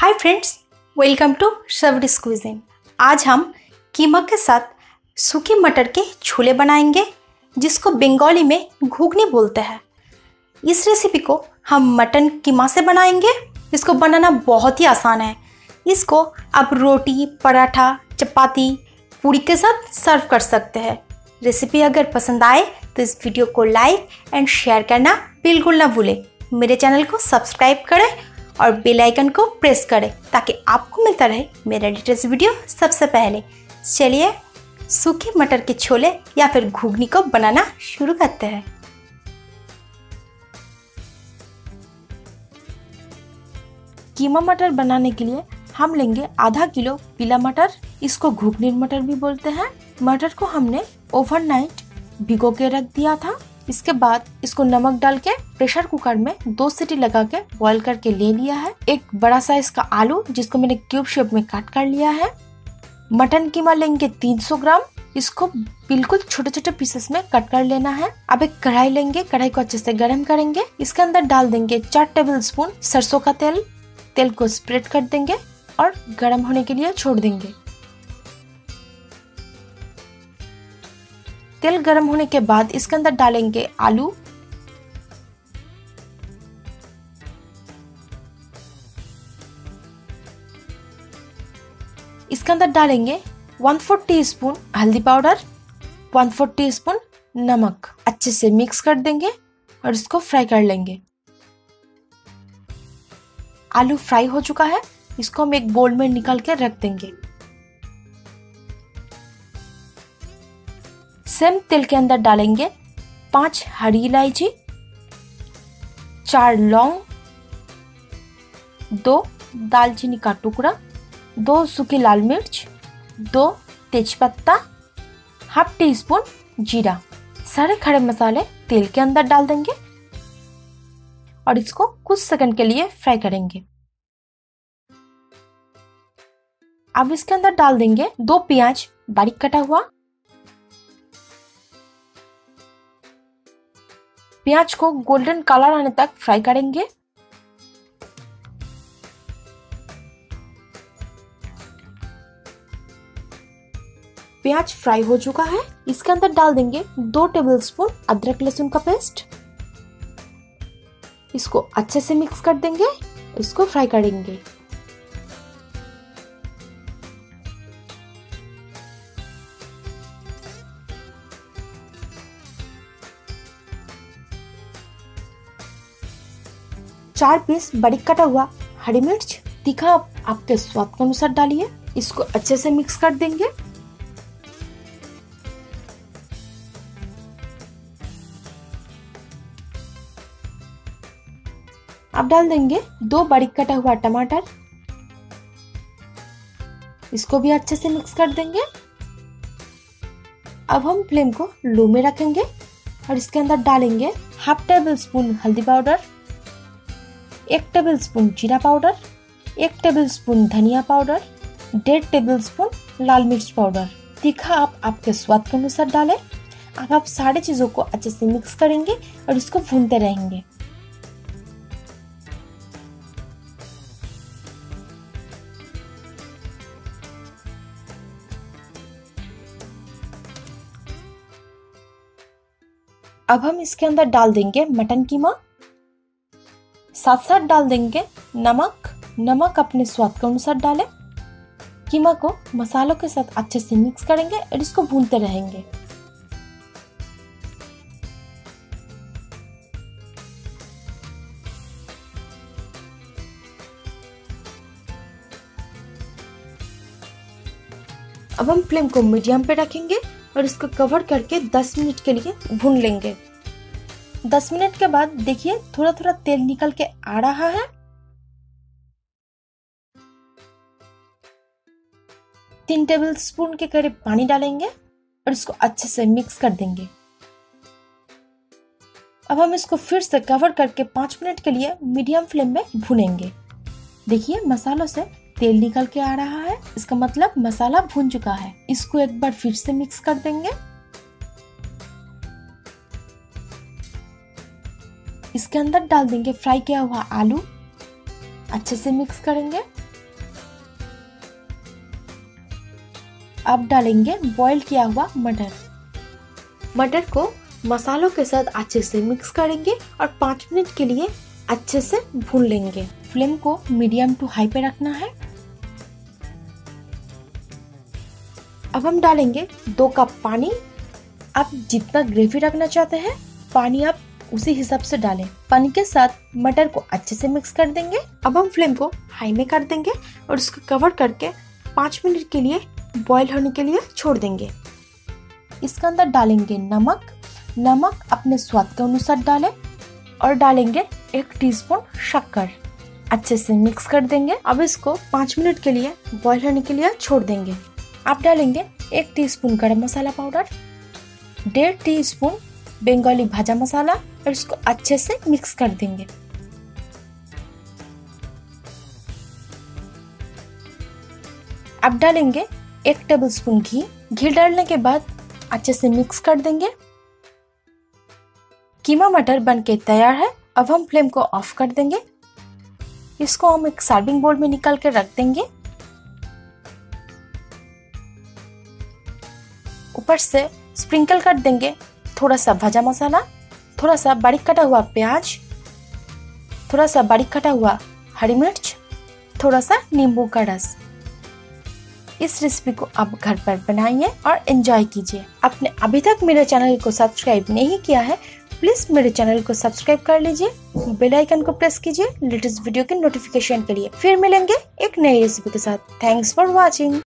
hi friends welcome to शवडिस cuisine आज हम कीमा के साथ सूखे मटर के छोले बनाएंगे जिसको बंगाली में घुगनी बोलते हैं इस रेसिपी को हम मटन कीमा से बनाएंगे इसको बनाना बहुत ही आसान है इसको आप रोटी पराठा चपाती पूरी के साथ सर्व कर सकते हैं रेसिपी अगर पसंद आए तो इस वीडियो को लाइक एंड शेयर करना बिल्कुल ना भूलें मेरे चैनल को सब्सक्राइब करें और बेल आइकन को प्रेस करें ताकि आपको मिलता रहे मेरा लेटेस्ट वीडियो सबसे पहले चलिए सूखे मटर के छोले या फिर घुगनी को बनाना शुरू करते हैं कीमा मटर बनाने के लिए हम लेंगे आधा किलो पीला मटर इसको घुगनी मटर भी बोलते हैं मटर को हमने ओवरनाइट भिगो के रख दिया था इसके बाद इसको नमक डाल के प्रेशर कुकर में दो सीटी लगा के बॉईल करके ले लिया है एक बड़ा साइज का आलू जिसको मैंने क्यूब शेप में काट कर लिया है मटन कीमा लेंगे 300 ग्राम इसको बिल्कुल छोटे छोटे पीसेस में कट कर लेना है अब एक कढ़ाई लेंगे कढ़ाई को अच्छे से गर्म करेंगे इसके अंदर डाल देंगे चार टेबल स्पून सरसों का तेल तेल को स्प्रेड कर देंगे और गर्म होने के लिए छोड़ देंगे तेल गर्म होने के बाद इसके अंदर डालेंगे आलू इसके अंदर डालेंगे वन फोर टी स्पून हल्दी powder one four teaspoon नमक अच्छे से मिक्स कर देंगे और इसको फ्राई कर लेंगे आलू फ्राई हो चुका है इसको हम एक बोल में निकाल के रख देंगे सेम तेल के अंदर डालेंगे पांच हरी इलायची चार लौंग दो दालचीनी का टुकड़ा दो सूखी लाल मिर्च दो तेजपत्ता हाफ टी स्पून जीरा सारे खड़े मसाले तेल के अंदर डाल देंगे और इसको कुछ सेकंड के लिए फ्राई करेंगे अब इसके अंदर डाल देंगे दो प्याज बारीक कटा हुआ प्याज को गोल्डन कलर आने तक फ्राई करेंगे प्याज फ्राई हो चुका है इसके अंदर डाल देंगे दो टेबलस्पून अदरक लहसुन का पेस्ट इसको अच्छे से मिक्स कर देंगे इसको फ्राई करेंगे चार पीस बारीक कटा हुआ हरी मिर्च तीखा आपके स्वाद के अनुसार डालिए इसको अच्छे से मिक्स कर देंगे अब डाल देंगे दो बारीक कटा हुआ टमाटर इसको भी अच्छे से मिक्स कर देंगे अब हम फ्लेम को लो में रखेंगे और इसके अंदर डालेंगे हाफ टेबल स्पून हल्दी पाउडर एक टेबल स्पून जीरा पाउडर एक टेबल स्पून धनिया पाउडर डेढ़ टेबल स्पून लाल मिर्च पाउडर तीखा आप आपके स्वाद के अनुसार डालें अब आप सारे चीज़ों को अच्छे से मिक्स करेंगे और इसको भूनते रहेंगे अब हम इसके अंदर डाल देंगे मटन कीमा साथ साथ डाल देंगे नमक नमक अपने स्वाद के अनुसार डालें कीमा को मसालों के साथ अच्छे से मिक्स करेंगे और इसको भूनते रहेंगे अब हम फ्लेम को मीडियम पे रखेंगे और इसको कवर करके 10 मिनट के लिए भून लेंगे दस मिनट के बाद देखिए थोड़ा थोड़ा तेल निकल के आ रहा है तीन टेबल स्पून के करीब पानी डालेंगे और इसको अच्छे से मिक्स कर देंगे अब हम इसको फिर से कवर करके पांच मिनट के लिए मीडियम फ्लेम में भूनेंगे देखिए मसालों से तेल निकल के आ रहा है इसका मतलब मसाला भून चुका है इसको एक बार फिर से मिक्स कर देंगे इसके अंदर डाल देंगे फ्राई किया हुआ आलू अच्छे से मिक्स करेंगे अब डालेंगे बॉईल किया हुआ मटर मटर को मसालों के साथ अच्छे से मिक्स करेंगे और पाँच मिनट के लिए अच्छे से भून लेंगे फ्लेम को मीडियम टू हाई पे रखना है अब हम डालेंगे दो कप पानी आप जितना ग्रेवी रखना चाहते हैं पानी आप उसी हिसाब से डालें पानी के साथ मटर को अच्छे से मिक्स कर देंगे अब हम फ्लेम को हाई में कर देंगे और उसको कवर करके पाँच मिनट के लिए बॉयल होने के लिए छोड़ देंगे इसके अंदर डालेंगे नमक नमक अपने स्वाद के अनुसार डालें और डालेंगे एक टीस्पून शक्कर अच्छे से मिक्स कर देंगे अब इसको पाँच मिनट के लिए बॉयल होने के लिए छोड़ देंगे आप डालेंगे एक टीस्पून गरम मसाला पाउडर डेढ़ टीस्पून बंगाली भाजा मसाला और इसको अच्छे से मिक्स कर देंगे अब डालेंगे एक टेबलस्पून घी घी डालने के बाद अच्छे से मिक्स कर देंगे कीमा मटर बनके तैयार है अब हम फ्लेम को ऑफ कर देंगे इसको हम एक सर्विंग बोल में निकाल के रख देंगे ऊपर से स्प्रिंकल कर देंगे थोड़ा सा भजा मसाला थोड़ा सा बारीक कटा हुआ प्याज थोड़ा सा बारीक कटा हुआ हरी मिर्च थोड़ा सा नींबू का रस इस रेसिपी को आप घर पर बनाइए और एंजॉय कीजिए आपने अभी तक मेरे चैनल को सब्सक्राइब नहीं किया है प्लीज़ मेरे चैनल को सब्सक्राइब कर लीजिए बेल आइकन को प्रेस कीजिए लेटेस्ट वीडियो के नोटिफिकेशन के लिए फिर मिलेंगे एक नई रेसिपी के साथ थैंक्स फॉर वॉचिंग